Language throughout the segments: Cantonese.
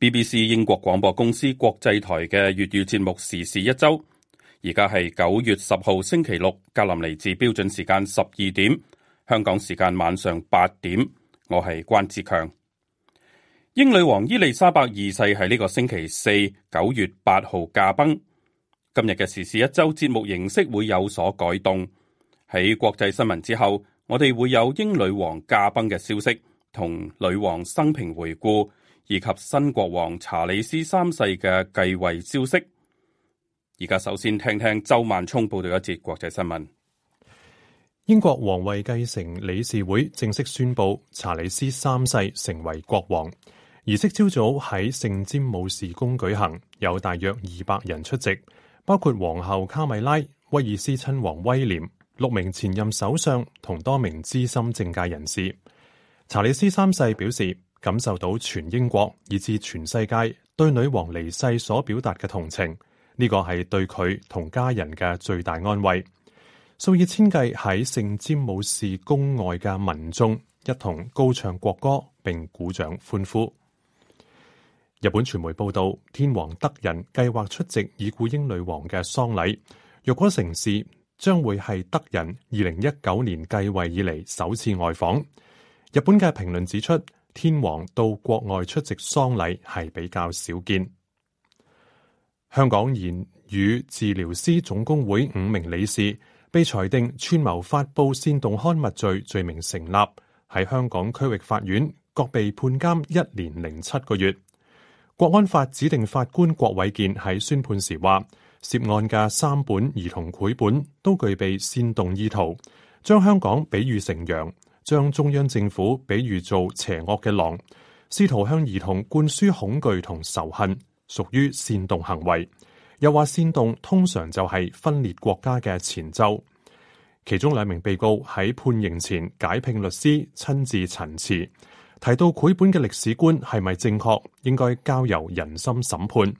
BBC 英國廣播公司國際台嘅粵語節目時事一周，而家係九月十號星期六，格林尼治標準時間十二點，香港時間晚上八點。我係關志強。英女王伊麗莎白二世喺呢個星期四九月八號駕崩。今日嘅時事一周節目形式會有所改動。喺國際新聞之後，我哋會有英女王駕崩嘅消息同女王生平回顧。以及新國王查理斯三世嘅繼位消息。而家首先聽聽周萬聰報道一節國際新聞。英國皇位繼承理事會正式宣布查理斯三世成為國王。儀式朝早喺聖詹姆士宮舉行，有大約二百人出席，包括皇后卡米拉、威爾斯親王威廉、六名前任首相同多名資深政界人士。查理斯三世表示。感受到全英國以至全世界對女王離世所表達嘅同情，呢個係對佢同家人嘅最大安慰。數以千計喺聖詹姆士宮外嘅民眾一同高唱國歌，並鼓掌歡呼。日本傳媒報道，天皇德仁計劃出席已故英女王嘅喪禮。若果成事，將會係德仁二零一九年繼位以嚟首次外訪。日本嘅評論指出，天皇到國外出席喪禮係比較少見。香港言語治療師總工會五名理事被裁定串謀發布煽動刊物罪罪名成立，喺香港區域法院各被判監一年零七個月。國安法指定法官郭偉健喺宣判時話，涉案嘅三本兒童繪本都具備煽動意圖，將香港比喻成羊。將中央政府比喻做邪惡嘅狼，試圖向兒童灌輸恐懼同仇恨，屬於煽動行為。又話煽動通常就係分裂國家嘅前奏。其中兩名被告喺判刑前解聘律師，親自陳詞，提到繪本嘅歷史觀係咪正確，應該交由人心審判。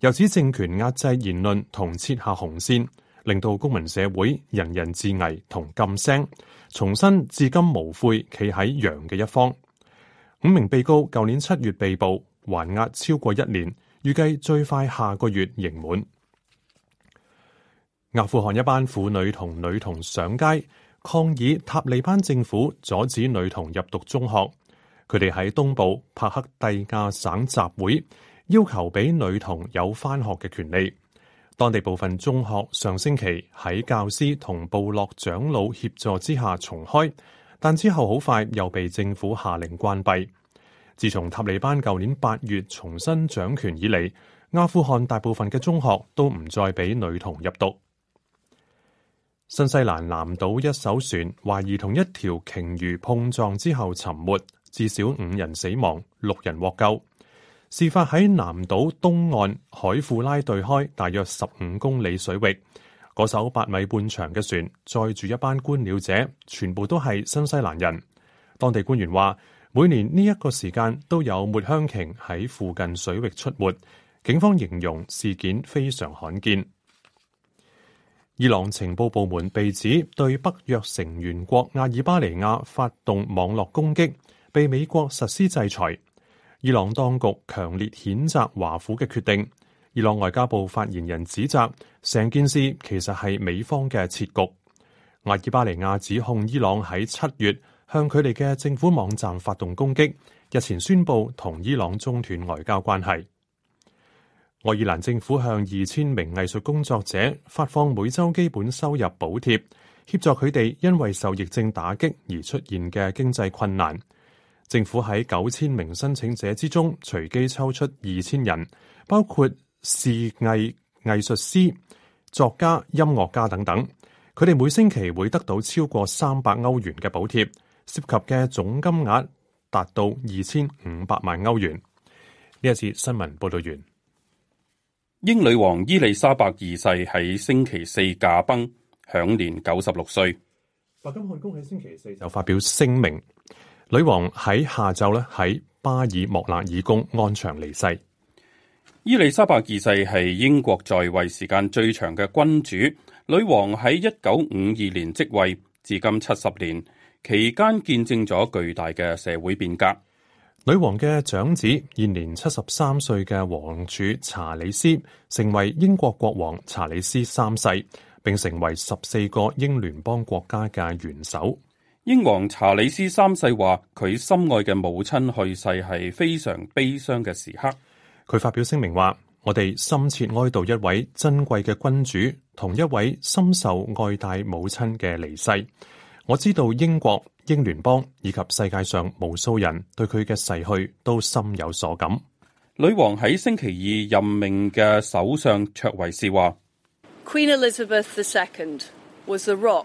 由此，政權壓制言論同設下紅線，令到公民社會人人自危同噤聲。重新至今無悔，企喺陽嘅一方。五名被告舊年七月被捕，還押超過一年，預計最快下個月刑滿。阿富汗一班婦女同女童上街抗議塔利班政府阻止女童入讀中學，佢哋喺東部帕克蒂亞省集會，要求俾女童有返學嘅權利。當地部分中學上星期喺教師同部落長老協助之下重開，但之後好快又被政府下令關閉。自從塔利班舊年八月重新掌權以嚟，阿富汗大部分嘅中學都唔再俾女童入讀。新西蘭南島一艘船懷疑同一條鯨魚碰撞之後沉沒，至少五人死亡，六人獲救。事發喺南島東岸海庫拉對開，大約十五公里水域，嗰艘八米半長嘅船載住一班觀鳥者，全部都係新西蘭人。當地官員話，每年呢一個時間都有抹香鯨喺附近水域出沒。警方形容事件非常罕見。伊朗情報部門被指對北約成員國阿爾巴尼亞發動網絡攻擊，被美國實施制裁。伊朗當局強烈譴責華府嘅決定。伊朗外交部發言人指責成件事其實係美方嘅設局。阿爾巴尼亞指控伊朗喺七月向佢哋嘅政府網站發動攻擊，日前宣布同伊朗中斷外交關係。愛爾蘭政府向二千名藝術工作者發放每周基本收入補貼，協助佢哋因為受疫症打擊而出現嘅經濟困難。政府喺九千名申請者之中隨機抽出二千人，包括視藝、藝術師、作家、音樂家等等。佢哋每星期會得到超過三百歐元嘅補貼，涉及嘅總金額達到二千五百萬歐元。呢一次新聞報道完，英女王伊麗莎白二世喺星期四駕崩，享年九十六歲。白金漢宮喺星期四就發表聲明。女王喺下晝咧喺巴爾莫拉爾宮安詳離世。伊麗莎白二世係英國在位時間最長嘅君主，女王喺一九五二年即位，至今七十年，期間見證咗巨大嘅社會變革。女王嘅長子現年七十三歲嘅王儲查理斯，成為英國國王查理斯三世，並成為十四個英聯邦國家嘅元首。英王查理斯三世話：佢心愛嘅母親去世係非常悲傷嘅時刻。佢發表聲明話：我哋深切哀悼一位珍貴嘅君主同一位深受愛戴母親嘅離世。我知道英國、英聯邦以及世界上無數人對佢嘅逝去都心有所感。女王喺星期二任命嘅首相卓慧思話：Queen Elizabeth II was the rock.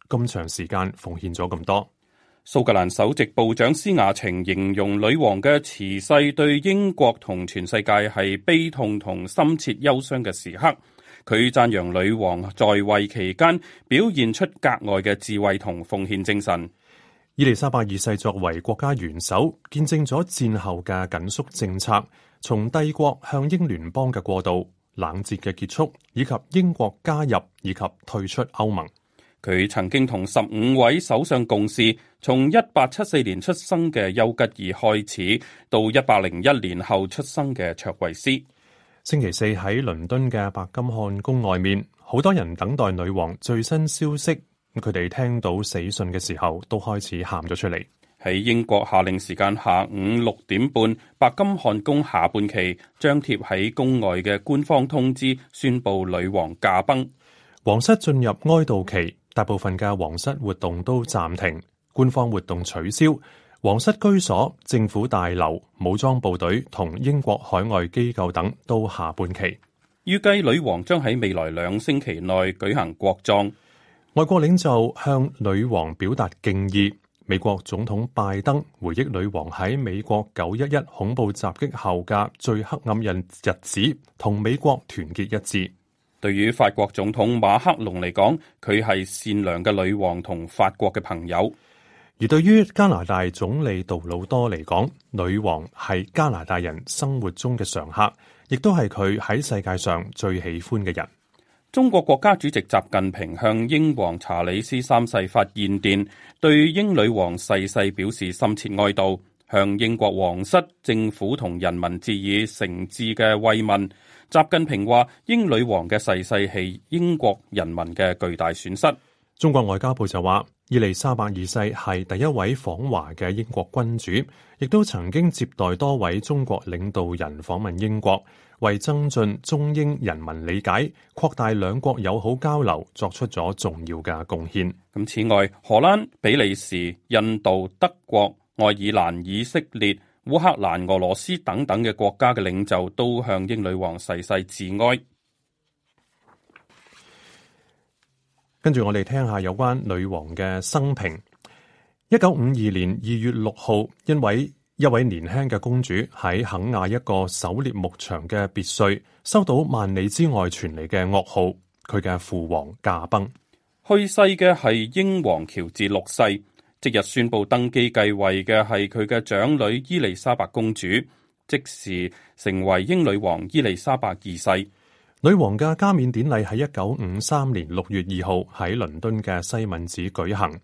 咁長時間奉獻咗咁多，蘇格蘭首席部長施雅晴形容女王嘅辭世對英國同全世界係悲痛同深切憂傷嘅時刻。佢讚揚女王在位期間表現出格外嘅智慧同奉獻精神。伊利沙伯二世作為國家元首，見證咗戰後嘅緊縮政策、從帝國向英聯邦嘅過渡、冷戰嘅結束，以及英國加入以及退出歐盟。佢曾經同十五位首相共事，從一八七四年出生嘅丘吉爾開始，到一百零一年後出生嘅卓維斯。星期四喺倫敦嘅白金漢宮外面，好多人等待女王最新消息。佢哋聽到死訊嘅時候，都開始喊咗出嚟。喺英國下令時間下午六點半，白金漢宮下半旗張貼喺宮外嘅官方通知，宣佈女王駕崩，皇室進入哀悼期。大部分嘅皇室活動都暫停，官方活動取消，皇室居所、政府大樓、武裝部隊同英國海外機構等都下半旗。預計女王將喺未來兩星期內舉行國葬。外國領袖向女王表達敬意。美國總統拜登回憶女王喺美國九一一恐怖襲擊後嘅最黑暗日日子，同美國團結一致。對於法國總統馬克龍嚟講，佢係善良嘅女王同法國嘅朋友；而對於加拿大總理杜魯多嚟講，女王係加拿大人生活中嘅常客，亦都係佢喺世界上最喜歡嘅人。中國國家主席習近平向英皇查理斯三世發唁電，對英女王逝世表示深切哀悼，向英國皇室、政府同人民致以誠摯嘅慰問。習近平話：英女王嘅逝世係英國人民嘅巨大損失。中國外交部就話：伊麗莎白二世係第一位訪華嘅英國君主，亦都曾經接待多位中國領導人訪問英國，為增進中英人民理解、擴大兩國友好交流，作出咗重要嘅貢獻。咁此外，荷蘭、比利時、印度、德國、愛爾蘭、以色列。烏克蘭、俄羅斯等等嘅國家嘅領袖都向英女王逝世致哀。跟住我哋聽下有關女王嘅生平。一九五二年二月六號，因為一位年輕嘅公主喺肯亞一個狩獵牧場嘅別墅，收到萬里之外傳嚟嘅噩耗，佢嘅父王駕崩。去世嘅係英皇喬治六世。即日宣布登基繼位嘅係佢嘅長女伊麗莎白公主，即時成為英女王伊麗莎白二世。女王嘅加冕典禮喺一九五三年六月二號喺倫敦嘅西敏寺舉行，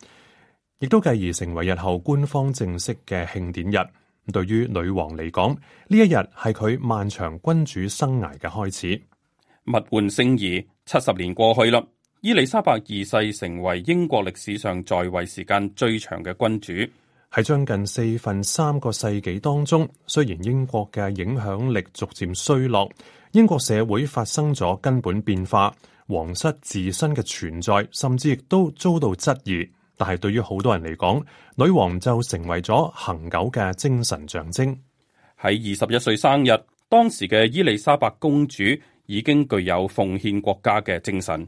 亦都繼而成為日後官方正式嘅慶典日。對於女王嚟講，呢一日係佢漫長君主生涯嘅開始。物換星移，七十年過去啦。伊麗莎白二世成為英國歷史上在位時間最長嘅君主，喺將近四分三個世紀當中，雖然英國嘅影響力逐漸衰落，英國社會發生咗根本變化，皇室自身嘅存在甚至亦都遭到質疑。但係對於好多人嚟講，女王就成為咗恆久嘅精神象徵。喺二十一歲生日，當時嘅伊麗莎白公主已經具有奉獻國家嘅精神。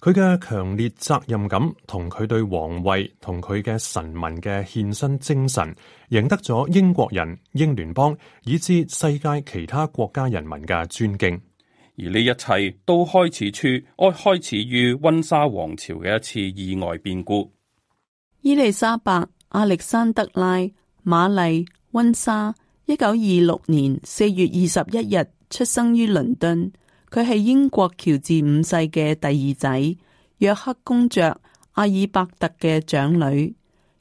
佢嘅強烈責任感同佢對皇位同佢嘅臣民嘅獻身精神，贏得咗英國人、英聯邦以至世界其他國家人民嘅尊敬。而呢一切都開始處開始於溫莎王朝嘅一次意外變故。伊麗莎白、亞歷山德拉、瑪麗、溫莎，一九二六年四月二十一日出生於倫敦。佢係英國喬治五世嘅第二仔，約克公爵阿爾伯特嘅長女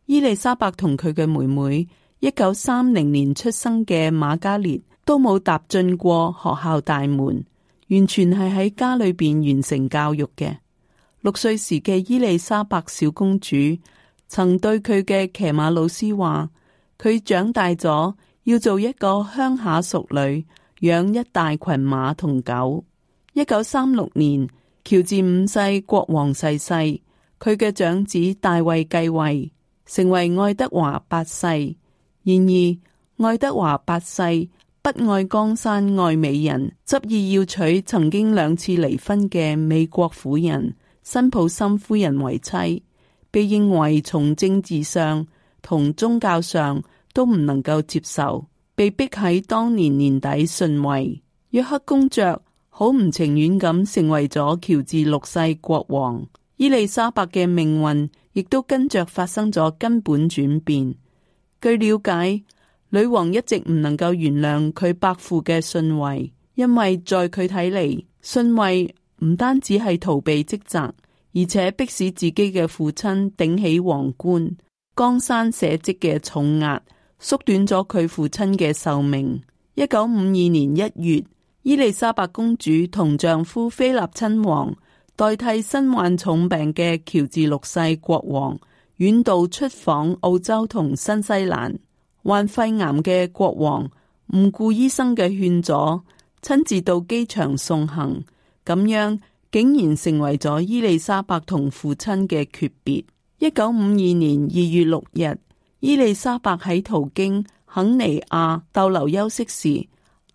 伊麗莎白同佢嘅妹妹一九三零年出生嘅瑪嘉烈都冇踏進過學校大門，完全係喺家裏邊完成教育嘅。六歲時嘅伊麗莎白小公主曾對佢嘅騎馬老師話：佢長大咗要做一個鄉下淑女，養一大群馬同狗。一九三六年，喬治五世國王逝世，佢嘅長子大衛繼位，成為愛德華八世。然而，愛德華八世不愛江山愛美人，執意要娶曾經兩次離婚嘅美國婦人辛普森夫人為妻，被認為從政治上同宗教上都唔能夠接受，被逼喺當年年底遜位。約克公爵。好唔情願咁成為咗喬治六世國王，伊麗莎白嘅命運亦都跟着發生咗根本轉變。據了解，女王一直唔能夠原諒佢伯父嘅遜位，因為在佢睇嚟，遜位唔單止係逃避職責，而且迫使自己嘅父親頂起皇冠江山社稷嘅重壓，縮短咗佢父親嘅壽命。一九五二年一月。伊麗莎白公主同丈夫菲立親王代替身患重病嘅喬治六世國王遠道出訪澳洲同新西蘭，患肺癌嘅國王唔顧醫生嘅勸阻，親自到機場送行，咁樣竟然成為咗伊麗莎白同父親嘅訣別。一九五二年二月六日，伊麗莎白喺途經肯尼亞逗留休息時，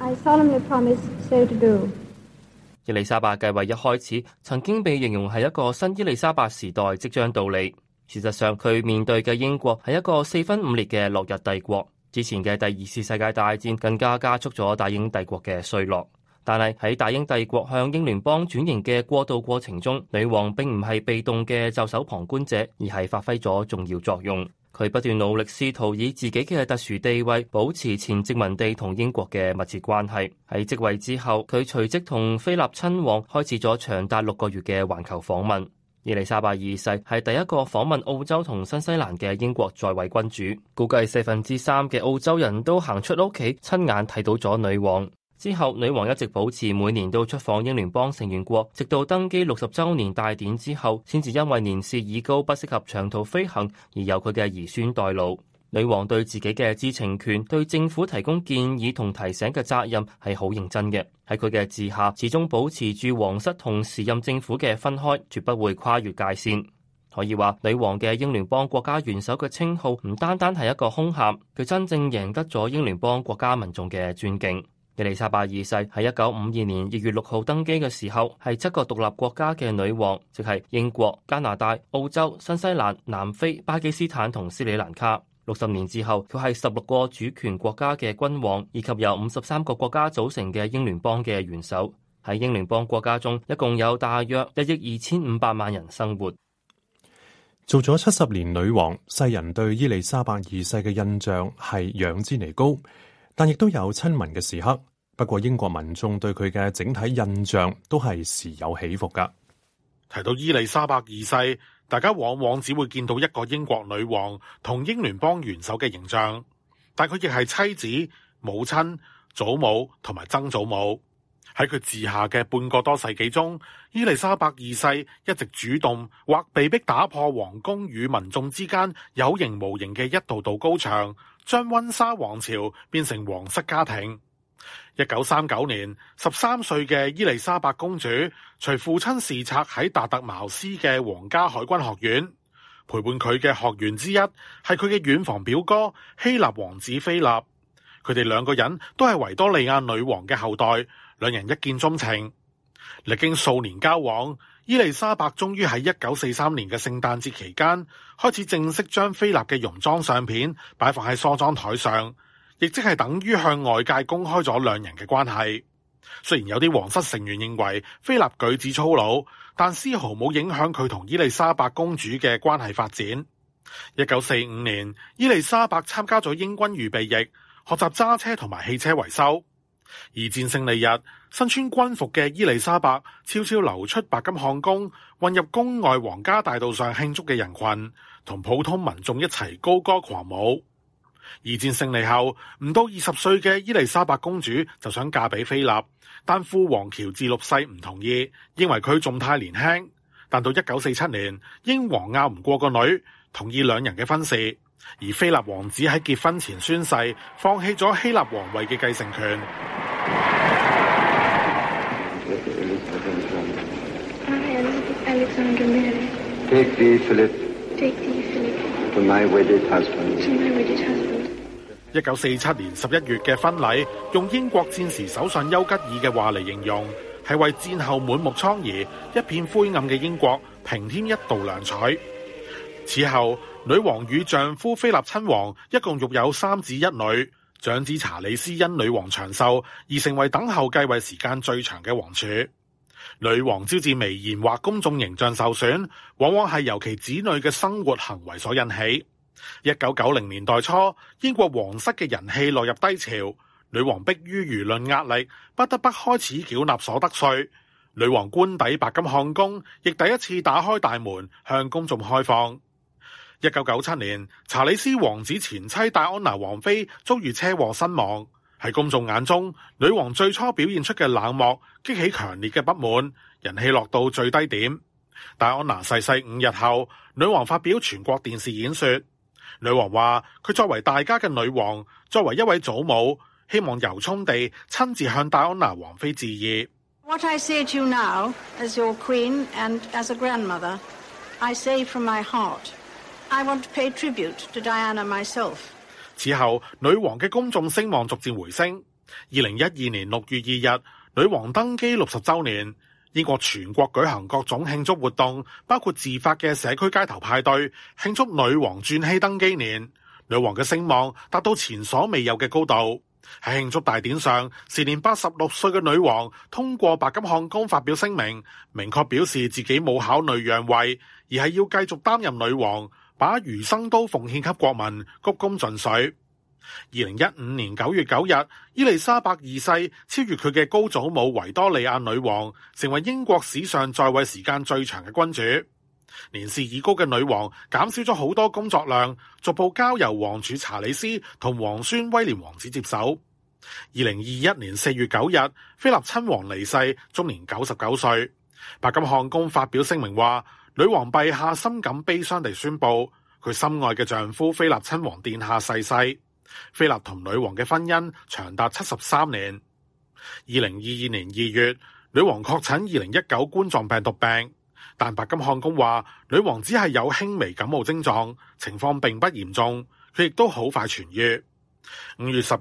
I solemnly promise so to do. 伊麗莎白繼位，一開始，曾經被形容係一個新伊麗莎白時代即將到嚟。事實上，佢面對嘅英國係一個四分五裂嘅落日帝國。之前嘅第二次世界大戰更加加速咗大英帝國嘅衰落。但係喺大英帝國向英聯邦轉型嘅過渡過程中，女王並唔係被動嘅袖手旁觀者，而係發揮咗重要作用。佢不斷努力試圖以自己嘅特殊地位保持前殖民地同英國嘅密切關係。喺即位之後，佢隨即同菲臘親王開始咗長達六個月嘅環球訪問。伊麗莎白二世係第一個訪問澳洲同新西蘭嘅英國在位君主。估計四分之三嘅澳洲人都行出屋企，親眼睇到咗女王。之後，女王一直保持每年都出訪英聯邦成員國，直到登基六十周年大典之後，先至因為年事已高，不適合長途飛行，而由佢嘅兒孫代勞。女王對自己嘅知情權、對政府提供建議同提醒嘅責任係好認真嘅。喺佢嘅治下，始終保持住皇室同時任政府嘅分開，絕不會跨越界線。可以話，女王嘅英聯邦國家元首嘅稱號唔單單係一個空銜，佢真正贏得咗英聯邦國家民眾嘅尊敬。伊麗莎白二世喺一九五二年二月六號登基嘅時候，係七個獨立國家嘅女王，即係英國、加拿大、澳洲、新西蘭、南非、巴基斯坦同斯里蘭卡。六十年之後，佢係十六個主權國家嘅君王，以及由五十三個國家組成嘅英聯邦嘅元首。喺英聯邦國家中，一共有大約一億二千五百萬人生活。做咗七十年女王，世人對伊麗莎白二世嘅印象係仰之彌高。但亦都有親民嘅時刻，不過英國民眾對佢嘅整體印象都係時有起伏噶。提到伊麗莎白二世，大家往往只會見到一個英國女王同英聯邦元首嘅形象，但佢亦係妻子、母親、祖母同埋曾祖母。喺佢治下嘅半個多世紀中，伊麗莎白二世一直主動或被迫打破皇宮與民眾之間有形無形嘅一道道高牆。將溫莎王朝變成皇室家庭。一九三九年，十三歲嘅伊麗莎白公主隨父親視察喺達特茅斯嘅皇家海軍學院，陪伴佢嘅學員之一係佢嘅遠房表哥希臘王子菲立。佢哋兩個人都係維多利亞女王嘅後代，兩人一見鍾情，歷經數年交往。伊麗莎白終於喺一九四三年嘅聖誕節期間，開始正式將菲臘嘅戎裝相片擺放喺梳妝台上，亦即係等於向外界公開咗兩人嘅關係。雖然有啲皇室成員認為菲臘舉止粗魯，但絲毫冇影響佢同伊麗莎白公主嘅關係發展。一九四五年，伊麗莎白參加咗英軍預備役，學習揸車同埋汽車維修。二戰勝利日，身穿軍服嘅伊麗莎白悄悄流出白金漢宮，混入宮外皇家大道上慶祝嘅人群，同普通民眾一齊高歌狂舞。二戰勝利後，唔到二十歲嘅伊麗莎白公主就想嫁俾菲立，但父皇喬治六世唔同意，認為佢仲太年輕。但到一九四七年，英皇拗唔過個女，同意兩人嘅婚事。而菲臘王子喺結婚前宣誓放棄咗希臘王位嘅繼承權。一九四七年十一月嘅婚禮用英國戰時首相丘吉爾嘅話嚟形容係，為戰後滿目瘡痍一片灰暗嘅英國平添一道亮彩。此後女王與丈夫菲立親王一共育有三子一女，長子查理斯因女王長壽而成為等候繼位時間最長嘅皇儲。女王招致微言或公眾形象受損，往往係由其子女嘅生活行為所引起。一九九零年代初，英國皇室嘅人氣落入低潮，女王迫於輿論壓力，不得不開始繳納所得稅。女王官邸白金漢宮亦第一次打開大門向公眾開放。一九九七年，查理斯王子前妻戴安娜王妃遭遇車禍身亡，喺公眾眼中，女王最初表現出嘅冷漠激起強烈嘅不滿，人氣落到最低點。戴安娜逝世五日後，女王發表全國電視演說，女王話：佢作為大家嘅女王，作為一位祖母，希望由衷地親自向戴安娜王妃致意。What I say to you now, as your queen and as a grandmother，I say from my heart。I want to pay tribute to Diana myself。此後，女王嘅公眾聲望逐漸回升。二零一二年六月二日，女王登基六十周年，英國全國舉行各種慶祝活動，包括自發嘅社區街頭派對，慶祝女王鑽禧登基年。女王嘅聲望達到前所未有嘅高度。喺慶祝大典上，時年八十六歲嘅女王通過白金漢宮發表聲明，明確表示自己冇考慮讓位，而係要繼續擔任女王。把餘生都奉獻給國民，鞠躬盡瘁。二零一五年九月九日，伊利沙伯二世超越佢嘅高祖母維多利亞女王，成為英國史上在位時間最長嘅君主。年事已高嘅女王減少咗好多工作量，逐步交由王儲查理斯同王孫威廉王子接手。二零二一年四月九日，菲臘親王離世，終年九十九歲。白金漢宮發表聲明話。女王陛下深感悲傷地宣布，佢心愛嘅丈夫菲立親王殿下逝世。菲立同女王嘅婚姻長達七十三年。二零二二年二月，女王確診二零一九冠狀病毒病，但白金漢宮話女王只係有輕微感冒症狀，情況並不嚴重，佢亦都好快痊愈。五月十日，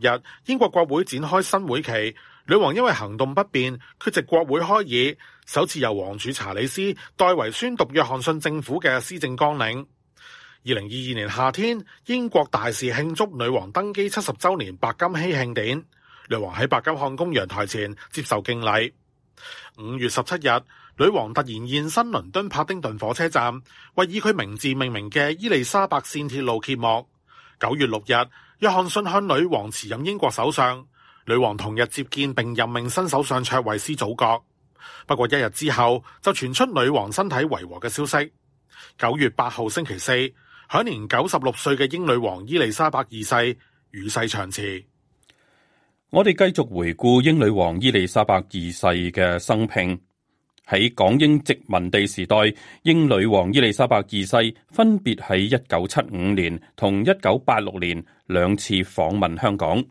英國國會展開新會期。女王因為行動不便，缺席國會開議，首次由王儲查理斯代為宣讀約翰遜政府嘅施政綱領。二零二二年夏天，英國大事慶祝女王登基七十周年白金禧慶典，女王喺白金漢宮陽台前接受敬禮。五月十七日，女王突然現身倫敦帕丁頓火車站，為以佢名字命名嘅伊利沙白線鐵路揭幕。九月六日，約翰遜向女王辭任英國首相。女王同日接見並任命新首相卓維斯組閣，不過一日之後就傳出女王身體違和嘅消息。九月八號星期四，享年九十六歲嘅英女王伊麗莎白二世與世長辭。我哋繼續回顧英女王伊麗莎白二世嘅生平。喺港英殖民地時代，英女王伊麗莎白二世分別喺一九七五年同一九八六年兩次訪問香港。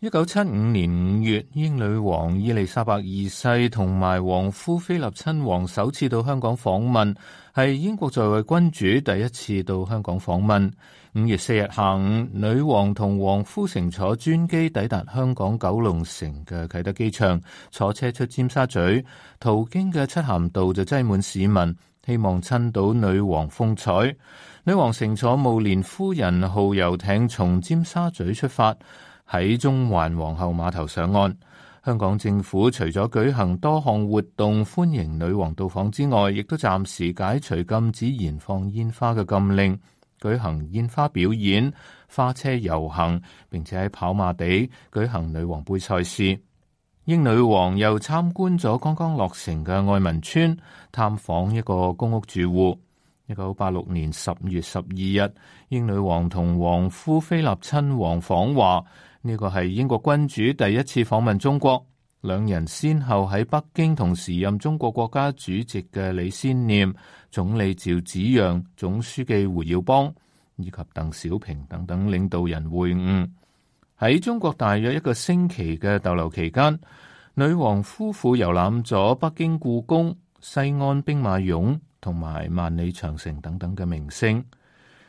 一九七五年五月，英女王伊麗莎白二世同埋皇夫菲立親王首次到香港訪問，係英國在位君主第一次到香港訪問。五月四日下午，女王同王夫乘坐專機抵達香港九龍城嘅啟德機場，坐車出尖沙咀，途經嘅漆咸道就擠滿市民，希望親睹女王風采。女王乘坐慕蓮夫人號遊艇從尖沙咀出發。喺中環皇后碼頭上岸，香港政府除咗舉行多項活動歡迎女王到訪之外，亦都暫時解除禁止燃放煙花嘅禁令，舉行煙花表演、花車遊行，並且喺跑馬地舉行女王杯賽事。英女王又參觀咗剛剛落成嘅愛民村，探訪一個公屋住戶。一九八六年十月十二日，英女王同皇夫菲立親王訪華。呢個係英國君主第一次訪問中國，兩人先後喺北京同時任中國國家主席嘅李先念、總理趙紫陽、總書記胡耀邦以及鄧小平等等領導人會晤。喺中國大約一個星期嘅逗留期間，女王夫婦遊覽咗北京故宮、西安兵馬俑同埋萬里長城等等嘅名勝。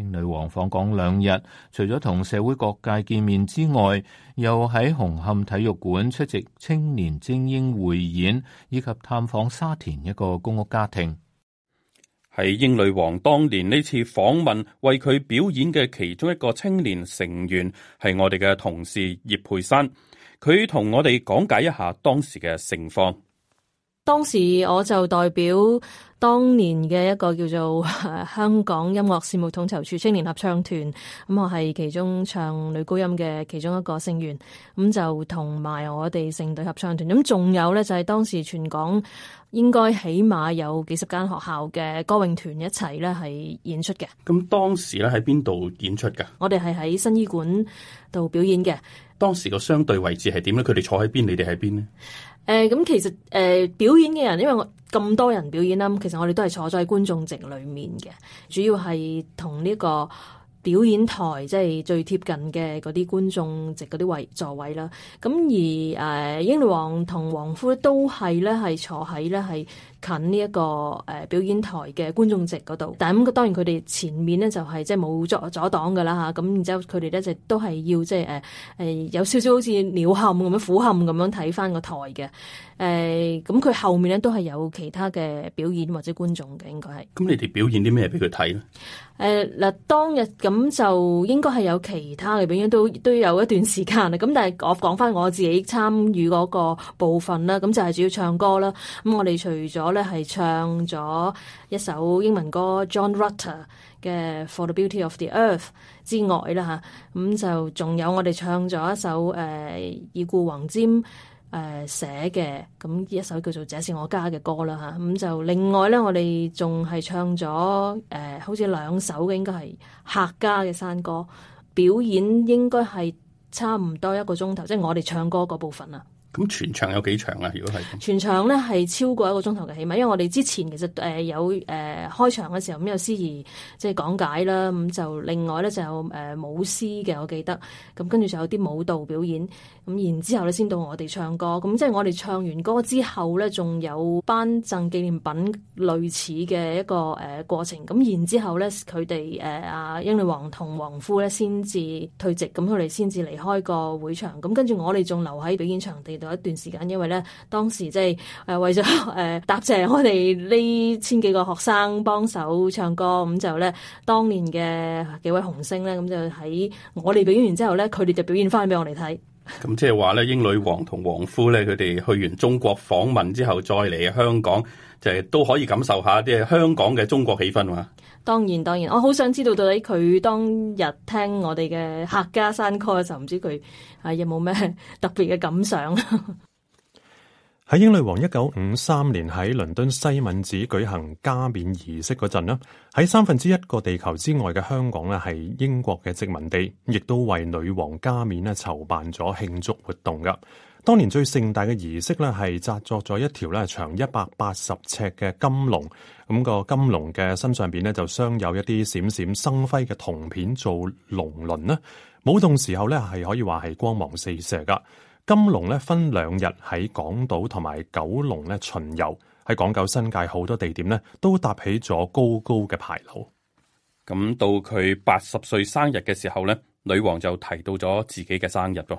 英女王訪港兩日，除咗同社會各界見面之外，又喺紅磡體育館出席青年精英匯演，以及探訪沙田一個公屋家庭。係英女王當年呢次訪問，為佢表演嘅其中一個青年成員係我哋嘅同事葉佩珊，佢同我哋講解一下當時嘅情況。當時我就代表。當年嘅一個叫做香港音樂事務統籌處青年合唱團，咁我係其中唱女高音嘅其中一個成員，咁就同埋我哋成隊合唱團，咁仲有呢，就係、是、當時全港應該起碼有幾十間學校嘅歌詠團一齊呢係演出嘅。咁當時咧，喺邊度演出噶？我哋係喺新醫館度表演嘅。當時個相對位置係點咧？佢哋坐喺邊，你哋喺邊呢？誒咁、呃、其實誒、呃、表演嘅人，因為我咁多人表演啦，其實我哋都係坐咗喺觀眾席裡面嘅，主要係同呢個。表演台即係最貼近嘅嗰啲觀眾席嗰啲位座位啦。咁而誒英女王同王夫都係咧係坐喺咧係近呢一個誒表演台嘅觀眾席嗰度。但係咁當然佢哋前面咧就係即係冇阻阻擋嘅啦嚇。咁然之後佢哋咧就都係要即係誒誒有少少好似鳥瞰咁樣俯瞰咁樣睇翻個台嘅。誒咁佢後面咧都係有其他嘅表演或者觀眾嘅應該係。咁你哋表演啲咩俾佢睇咧？誒嗱，uh, 當日咁、嗯、就應該係有其他嘅表演，都都有一段時間啦。咁、嗯、但係我講翻我自己參與嗰個部分啦，咁、嗯、就係、是、主要唱歌啦。咁、嗯、我哋除咗咧係唱咗一首英文歌 John Rutter 嘅 For the Beauty of the Earth 之外啦嚇，咁、嗯嗯、就仲有我哋唱咗一首誒、呃、已故黃霑誒、呃、寫嘅咁一首叫做這是我家嘅歌啦吓，咁、啊嗯、就另外咧，我哋仲係唱咗誒、呃，好似兩首嘅應該係客家嘅山歌，表演應該係差唔多一個鐘頭，即、就、係、是、我哋唱歌嗰部分啦。咁全場有幾長啊？如果係全場咧，係超過一個鐘頭嘅起碼。因為我哋之前其實誒、呃、有誒、呃、開場嘅時候咁、嗯、有司儀即係講解啦。咁、嗯、就另外咧就有誒舞獅嘅，我記得。咁跟住就有啲舞蹈表演。咁、嗯、然之後咧先到我哋唱歌。咁、嗯、即係我哋唱完歌之後咧，仲有頒贈紀念品類似嘅一個誒過程。咁、嗯、然之後咧，佢哋誒阿英女王同王夫咧先至退席。咁佢哋先至離開個會場，咁跟住我哋仲留喺表演場地。有一段時間，因為咧當時即係誒為咗誒、呃、答謝我哋呢千幾個學生幫手唱歌，咁就咧當年嘅幾位紅星咧，咁就喺我哋表演完之後咧，佢哋就表演翻俾我哋睇。咁即係話咧，英女王同王夫咧，佢哋去完中國訪問之後，再嚟香港，就係、是、都可以感受下啲香港嘅中國氣氛嘛。當然當然，我好想知道到底佢當日聽我哋嘅客家山歌，就唔知佢啊有冇咩特別嘅感想喺？ 英女王一九五三年喺倫敦西敏寺舉行加冕儀式嗰陣，喺三分之一個地球之外嘅香港咧，係英國嘅殖民地，亦都為女王加冕咧籌辦咗慶祝活動噶。當年最盛大嘅儀式咧，係紮作咗一條咧長一百八十尺嘅金龍，咁個金龍嘅身上邊咧就鑲有一啲閃閃生輝嘅銅片做龍鱗啦。舞動時候咧係可以話係光芒四射噶。金龍咧分兩日喺港島同埋九龍咧巡遊，喺港九新界好多地點咧都搭起咗高高嘅牌樓。咁到佢八十歲生日嘅時候咧，女王就提到咗自己嘅生日噃。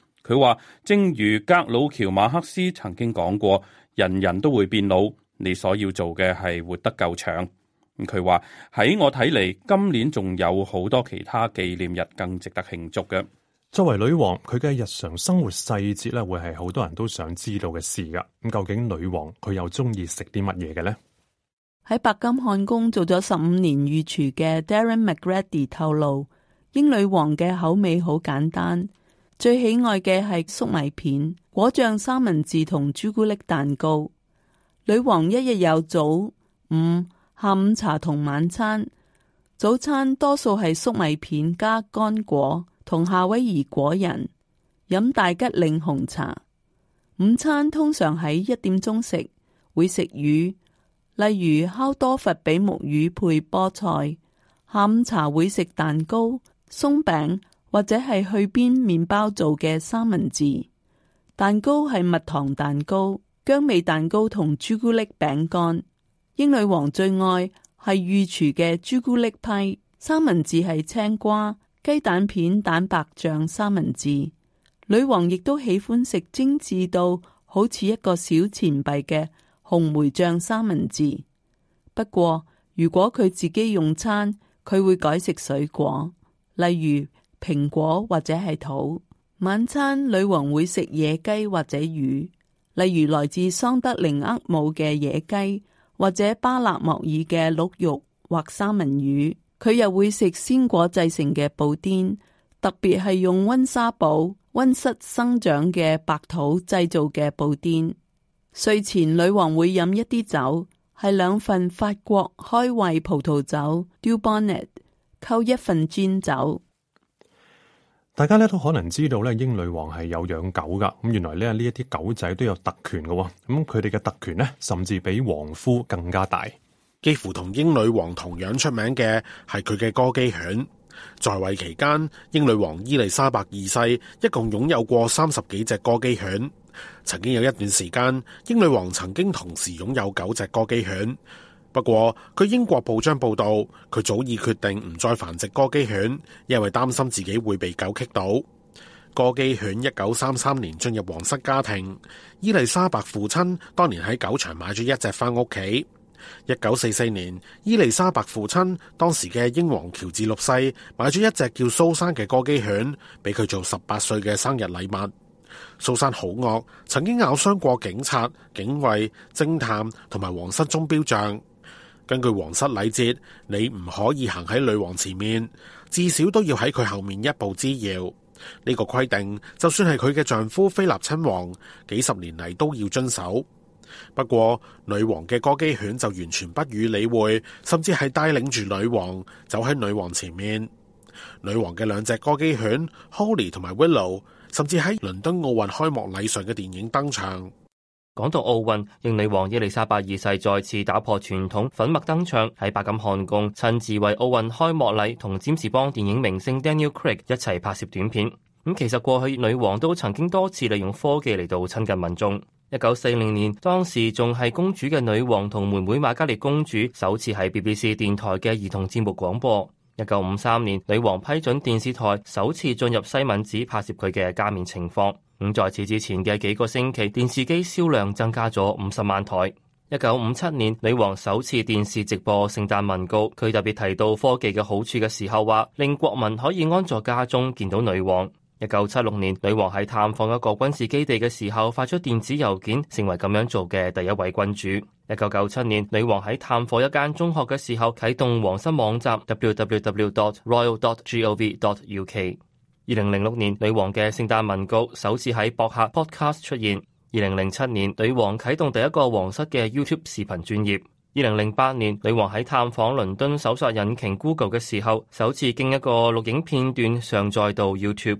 佢話，正如格魯喬馬克思曾經講過，人人都會變老，你所要做嘅係活得夠長。佢話，喺我睇嚟，今年仲有好多其他紀念日更值得慶祝嘅。作為女王，佢嘅日常生活細節咧，會係好多人都想知道嘅事噶。咁究竟女王佢又中意食啲乜嘢嘅呢？喺白金漢宮做咗十五年御廚嘅 Darren McGrady 透露，英女王嘅口味好簡單。最喜愛嘅係粟米片、果醬三文治同朱古力蛋糕。女王一日有早、午、下午茶同晚餐。早餐多數係粟米片加乾果同夏威夷果仁，飲大吉嶺紅茶。午餐通常喺一點鐘食，會食魚，例如烤多佛比目魚配菠菜。下午茶會食蛋糕、鬆餅。或者係去邊麵包做嘅三文治，蛋糕係蜜糖蛋糕、薑味蛋糕同朱古力餅乾。英女王最愛係御廚嘅朱古力批，三文治係青瓜雞蛋片蛋白醬三文治。女王亦都喜歡食精致到好似一個小錢幣嘅紅莓醬三文治。不過，如果佢自己用餐，佢會改食水果，例如。蘋果或者係土。晚餐，女王會食野雞或者魚，例如來自桑德靈厄姆嘅野雞或者巴勒莫爾嘅鹿肉或三文魚。佢又會食鮮果製成嘅布甸，特別係用溫莎堡溫室生長嘅白土製造嘅布甸。睡前，女王會飲一啲酒，係兩份法國開胃葡萄酒 Dubonnet 溝一份氈酒。大家咧都可能知道咧，英女王係有養狗噶，咁，原來呢，呢一啲狗仔都有特權噶。咁，佢哋嘅特權呢，甚至比王夫更加大。幾乎同英女王同樣出名嘅係佢嘅哥基犬。在位期間，英女王伊麗莎白二世一共擁有過三十幾隻哥基犬。曾經有一段時間，英女王曾經同時擁有九隻哥基犬。不過，據英國報章報道，佢早已決定唔再繁殖哥基犬，因為擔心自己會被狗棘到。哥基犬一九三三年進入皇室家庭，伊麗莎白父親當年喺狗場買咗一隻翻屋企。一九四四年，伊麗莎白父親當時嘅英皇喬治六世買咗一隻叫蘇珊嘅哥基犬俾佢做十八歲嘅生日禮物。蘇珊好惡，曾經咬傷過警察、警衛、偵探同埋皇室鐘錶匠。根據皇室禮節，你唔可以行喺女王前面，至少都要喺佢後面一步之遙。呢、這個規定，就算係佢嘅丈夫菲立親王，幾十年嚟都要遵守。不過，女王嘅哥基犬就完全不予理會，甚至係帶領住女王走喺女王前面。女王嘅兩隻哥基犬 Holly 同埋 Willow，甚至喺倫敦奧運開幕禮上嘅電影登場。講到奧運，英女王伊麗莎白二世再次打破傳統，粉墨登場喺白金漢宮，親自為奧運開幕禮同詹士邦電影明星 Daniel Craig 一齊拍攝短片。咁、嗯、其實過去女王都曾經多次利用科技嚟到親近民眾。一九四零年，當時仲係公主嘅女王同妹妹瑪嘉烈公主，首次喺 BBC 電台嘅兒童節目廣播。一九五三年，女王批准電視台首次進入西敏寺拍攝佢嘅加冕情況。咁在此之前嘅幾個星期，電視機銷量增加咗五十萬台。一九五七年，女王首次電視直播聖誕文告，佢特別提到科技嘅好處嘅時候話，令國民可以安坐家中見到女王。一九七六年，女王喺探訪一個軍事基地嘅時候，發出電子郵件，成為咁樣做嘅第一位君主。一九九七年，女王喺探訪一間中學嘅時候，啟動皇室網站 www.royal.gov.uk。二零零六年，女王嘅聖誕文告首次喺博客 Podcast 出現。二零零七年，女王啟動第一個皇室嘅 YouTube 視頻專頁。二零零八年，女王喺探訪倫敦搜索引擎 Google 嘅時候，首次經一個錄影片段上載到 YouTube。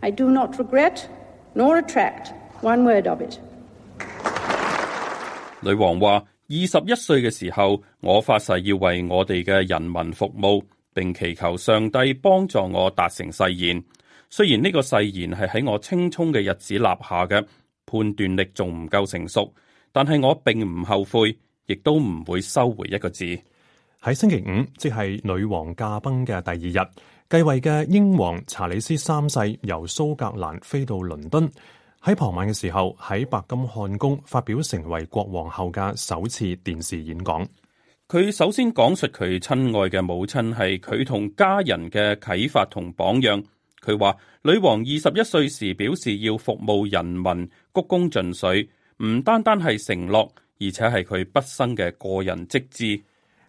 I do not regret，nor retract one word of it。女王話：二十一歲嘅時候，我發誓要為我哋嘅人民服務，並祈求上帝幫助我達成誓言。雖然呢個誓言係喺我青葱嘅日子立下嘅，判斷力仲唔夠成熟，但係我並唔後悔，亦都唔會收回一個字。喺星期五，即係女王駕崩嘅第二日。繼位嘅英皇查理斯三世由蘇格蘭飛到倫敦，喺傍晚嘅時候喺白金漢宮發表成為國王後嘅首次電視演講。佢首先講述佢親愛嘅母親係佢同家人嘅啟發同榜樣。佢話女王二十一歲時表示要服務人民鞠躬盡瘁，唔單單係承諾，而且係佢畢生嘅個人職責。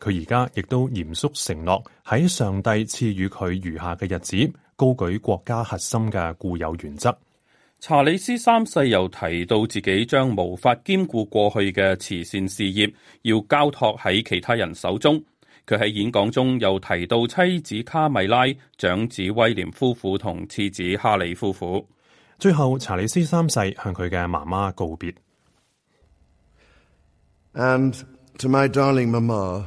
佢而家亦都嚴肅承諾，喺上帝賜予佢餘下嘅日子，高舉國家核心嘅固有原則。查理斯三世又提到自己將無法兼顧過去嘅慈善事業，要交託喺其他人手中。佢喺演講中又提到妻子卡米拉、長子威廉夫婦同次子哈利夫婦。最後，查理斯三世向佢嘅媽媽告別。And to my darling mama.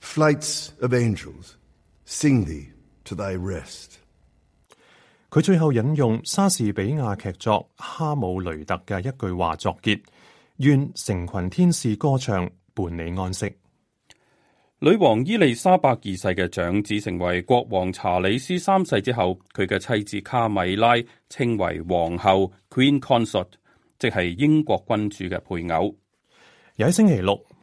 Flights of angels sing thee to thy rest。佢最後引用莎士比亞劇作《哈姆雷特》嘅一句話作結：願成群天使歌唱，伴你安息。女王伊麗莎白二世嘅長子成為國王查理斯三世之後，佢嘅妻子卡米拉稱為皇后 Queen Consort，即係英國君主嘅配偶。又喺 星期六。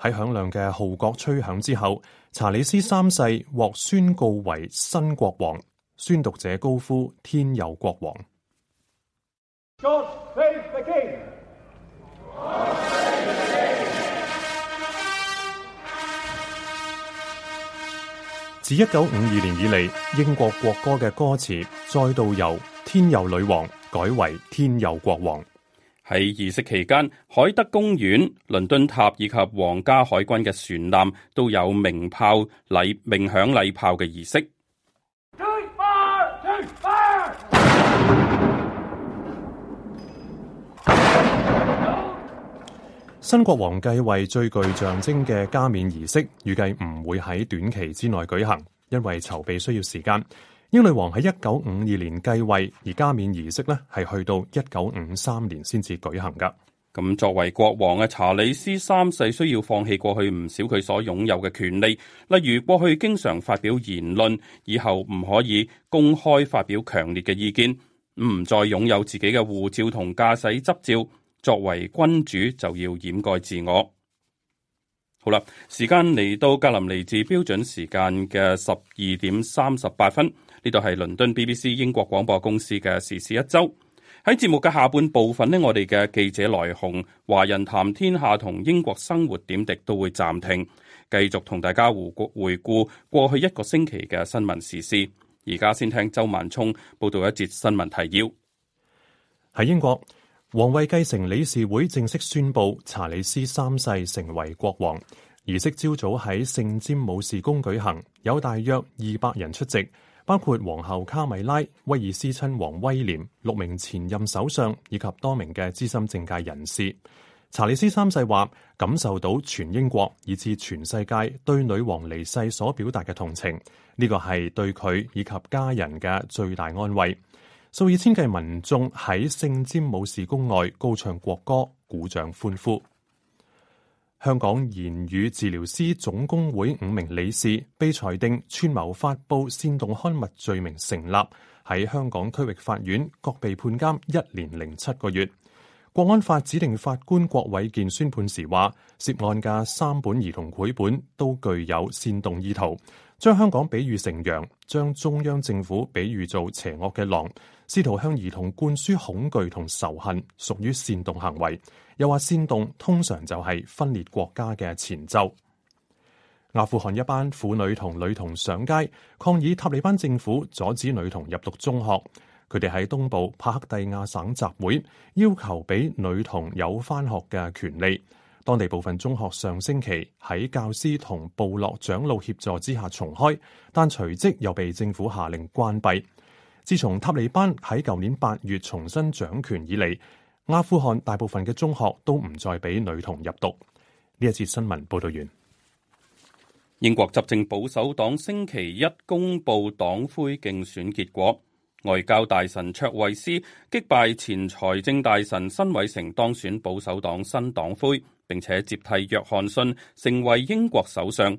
喺響亮嘅號角吹響之後，查理斯三世獲宣告為新國王。宣讀者高呼：天佑國王！自一九五二年以嚟，英國國歌嘅歌詞再度由天佑女王改為天佑國王。喺儀式期間，海德公園、倫敦塔以及皇家海軍嘅船艦都有鳴炮禮、鳴響禮炮嘅儀式。新國王繼位最具象徵嘅加冕儀式，預計唔會喺短期之內舉行，因為籌備需要時間。英女王喺一九五二年繼位，而加冕儀式呢，係去到一九五三年先至舉行噶。咁作為國王嘅查理斯三世需要放棄過去唔少佢所擁有嘅權利，例如過去經常發表言論，以後唔可以公開發表強烈嘅意見，唔再擁有自己嘅護照同駕駛執照。作為君主就要掩蓋自我。好啦，時間嚟到格林尼治標準時間嘅十二點三十八分。呢度係倫敦 BBC 英國廣播公司嘅時事一周。喺節目嘅下半部分咧，我哋嘅記者來鴻、華人談天下同英國生活點滴都會暫停，繼續同大家回顧回顧過去一個星期嘅新聞時事。而家先聽周萬聰報道一節新聞提要。喺英國，皇位繼承理事會正式宣佈查理斯三世成為國王。儀式朝早喺聖詹姆士宮舉行，有大約二百人出席。包括皇后卡米拉、威爾斯親王威廉、六名前任首相以及多名嘅資深政界人士。查理斯三世話感受到全英國以至全世界對女王離世所表達嘅同情，呢個係對佢以及家人嘅最大安慰。數以千計民眾喺聖詹姆士宮外高唱國歌、鼓掌歡呼。香港言語治療師總工會五名理事被裁定串謀發佈煽動刊物罪名成立，喺香港區域法院各被判監一年零七個月。國安法指定法官郭偉健宣判時話，涉案嘅三本兒童繪本都具有煽動意圖，將香港比喻成羊，將中央政府比喻做邪惡嘅狼。試圖向兒童灌輸恐懼同仇恨，屬於煽動行為。又話煽動通常就係分裂國家嘅前奏。阿富汗一班婦女同女童上街抗議塔利班政府阻止女童入讀中學。佢哋喺東部帕克蒂亞省集會，要求俾女童有返學嘅權利。當地部分中學上星期喺教師同部落長老協助之下重開，但隨即又被政府下令關閉。自從塔利班喺舊年八月重新掌權以嚟，阿富汗大部分嘅中學都唔再俾女童入讀。呢一節新聞報道完。英國執政保守黨星期一公布黨魁競選結果，外交大臣卓慧斯擊敗前財政大臣辛偉誠當選保守黨新黨魁，並且接替約翰遜成為英國首相。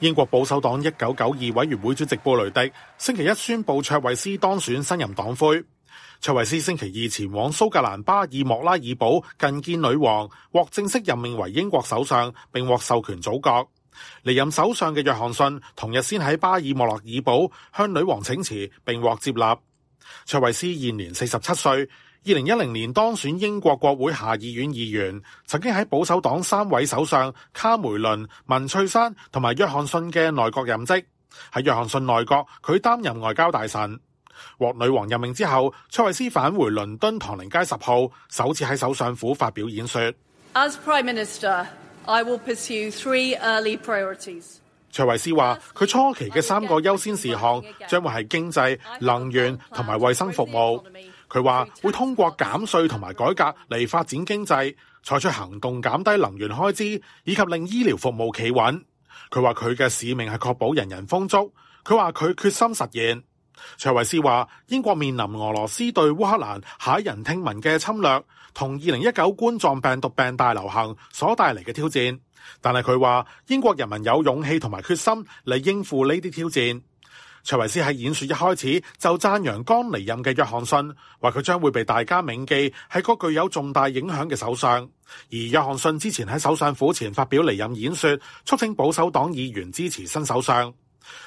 英國保守黨一九九二委員會主席布雷迪星期一宣布，卓維斯當選新任黨魁。卓維斯星期二前往蘇格蘭巴爾莫拉爾堡，覲見女王，獲正式任命為英國首相，並獲授權組閣。離任首相嘅約翰遜，同日先喺巴爾莫拉爾堡向女王請辭，並獲接納。卓維斯現年四十七歲。二零一零年當選英國國會下議院議員，曾經喺保守黨三位首相卡梅倫、文翠珊同埋約翰遜嘅內閣任職。喺約翰遜內閣，佢擔任外交大臣。獲女王任命之後，卓慧思返回倫敦，倫敦唐寧街十號，首次喺首相府發表演說。As Prime Minister, I will pursue three early priorities. 卓慧思話：佢初期嘅三個優先事項將會係經濟、能源同埋衛生服務。佢話會通過減稅同埋改革嚟發展經濟，採取行動減低能源開支，以及令醫療服務企穩。佢話佢嘅使命係確保人人豐足。佢話佢決心實現。卓慧思話英國面臨俄羅斯對烏克蘭駭人聽聞嘅侵略，同二零一九冠狀病毒病大流行所帶嚟嘅挑戰。但係佢話英國人民有勇氣同埋決心嚟應付呢啲挑戰。徐維斯喺演說一開始就讚揚剛離任嘅約翰遜，話佢將會被大家銘記係個具有重大影響嘅首相。而約翰遜之前喺首相府前發表離任演說，促請保守黨議員支持新首相。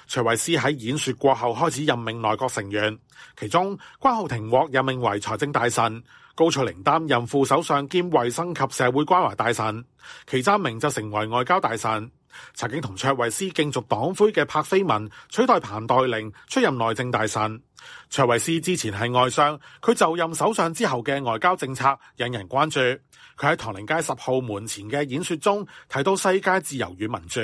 徐維斯喺演說過後開始任命內閣成員，其中關浩庭獲任命為財政大臣，高翠玲擔任副首相兼衛生及社會關懷大臣，祁湛明就成為外交大臣。曾經同卓維斯競逐黨魁嘅柏飛文取代彭黛玲出任內政大臣。卓維斯之前係外相，佢就任首相之後嘅外交政策引人關注。佢喺唐寧街十號門前嘅演說中提到世界自由與民主。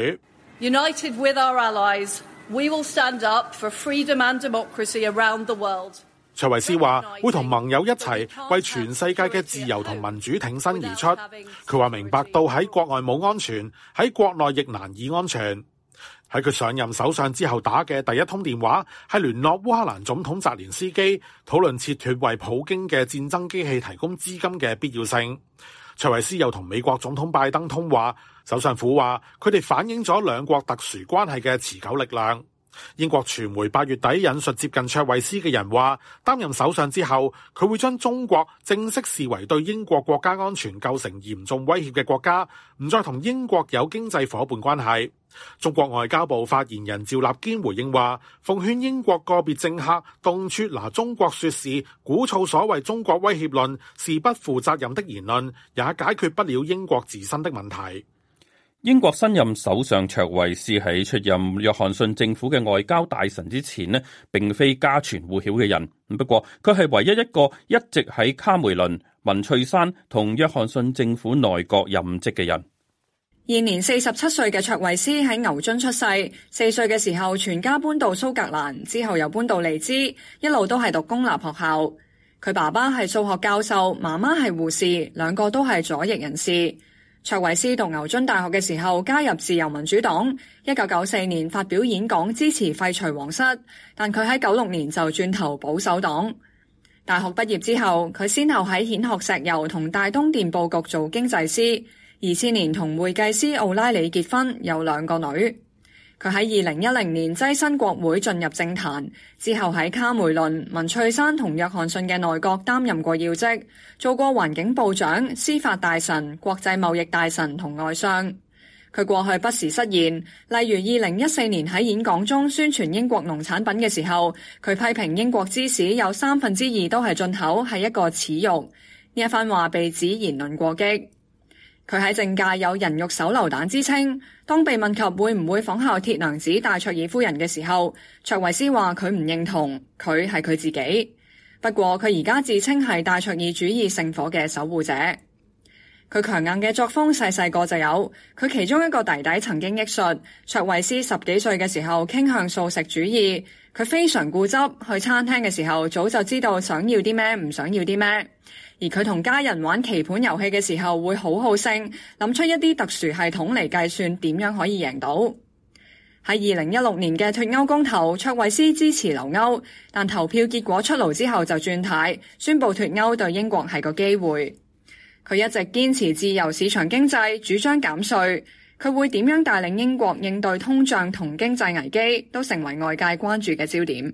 United with our allies, we will stand up for freedom and democracy around the world. 卓維斯話：會同盟友一齊為全世界嘅自由同民主挺身而出。佢話明白到喺國外冇安全，喺國內亦難以安全。喺佢上任首相之後打嘅第一通電話係聯絡烏克蘭總統澤連斯基，討論切斷為普京嘅戰爭機器提供資金嘅必要性。卓維斯又同美國總統拜登通話，首相府話佢哋反映咗兩國特殊關係嘅持久力量。英國傳媒八月底引述接近卓慧思嘅人話，擔任首相之後，佢會將中國正式視為對英國國家安全構成嚴重威脅嘅國家，唔再同英國有經濟伙伴關係。中國外交部發言人趙立堅回應話：奉勸英國個別政客動輒拿中國說事，鼓噪所謂中國威脅論，是不負責任的言論，也解決不了英國自身的問題。英國新任首相卓維斯喺出任約翰遜政府嘅外交大臣之前呢，並非家傳戶曉嘅人。不過佢係唯一一個一直喺卡梅倫、文翠山同約翰遜政府內閣任職嘅人。現年四十七歲嘅卓維斯喺牛津出世，四歲嘅時候全家搬到蘇格蘭，之後又搬到利茲，一路都係讀公立學校。佢爸爸係數學教授，媽媽係護士，兩個都係左翼人士。卓慧思讀牛津大學嘅時候加入自由民主黨，一九九四年發表演講支持廢除皇室，但佢喺九六年就轉投保守黨。大學畢業之後，佢先後喺蜆殼石油同大東電報局做經濟師。二千年同會計師奧拉里結婚，有兩個女。佢喺二零一零年躋身國會，進入政壇之後，喺卡梅倫、文翠珊同約翰遜嘅內閣擔任過要職，做過環境部長、司法大臣、國際貿易大臣同外商。佢過去不時失言，例如二零一四年喺演講中宣傳英國農產品嘅時候，佢批評英國芝士有三分之二都係進口，係一個恥辱。呢一番話被指言論過激。佢喺政界有人肉手榴彈之稱。當被問及會唔會仿效鐵娘子戴卓爾夫人嘅時候，卓維斯話佢唔認同，佢係佢自己。不過佢而家自稱係戴卓爾主義聖火嘅守護者。佢強硬嘅作風細細個就有。佢其中一個弟弟曾經憶述，卓維斯十幾歲嘅時候傾向素食主義。佢非常固執，去餐廳嘅時候早就知道想要啲咩，唔想要啲咩。而佢同家人玩棋盤遊戲嘅時候，會好好勝，諗出一啲特殊系統嚟計算點樣可以贏到。喺二零一六年嘅脫歐公投，卓慧斯支持留歐，但投票結果出爐之後就轉態，宣佈脫歐對英國係個機會。佢一直堅持自由市場經濟，主張減稅。佢會點樣帶領英國應對通脹同經濟危機，都成為外界關注嘅焦點。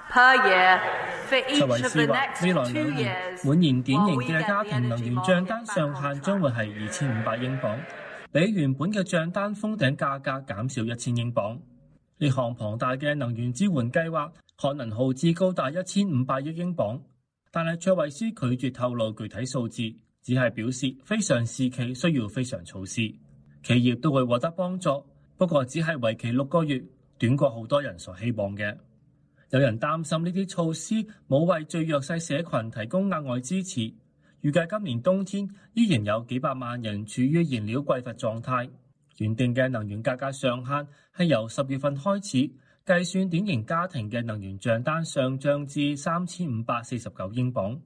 卓維斯話：未來兩年每年典型嘅家庭能源帳單上限將會係二千五百英鎊，比原本嘅帳單封頂價格減少一千英鎊。呢項龐大嘅能源支援計劃可能耗資高達一千五百億英鎊，但係卓維斯拒絕透露具體數字，只係表示非常時期需要非常措施，企業都會獲得幫助，不過只係為期六個月，短過好多人所希望嘅。有人擔心呢啲措施冇為最弱勢社群提供額外支持，預計今年冬天依然有幾百萬人處於燃料匱乏狀態。原定嘅能源價格上限係由十月份開始計算，典型家庭嘅能源帳單上漲至三千五百四十九英鎊。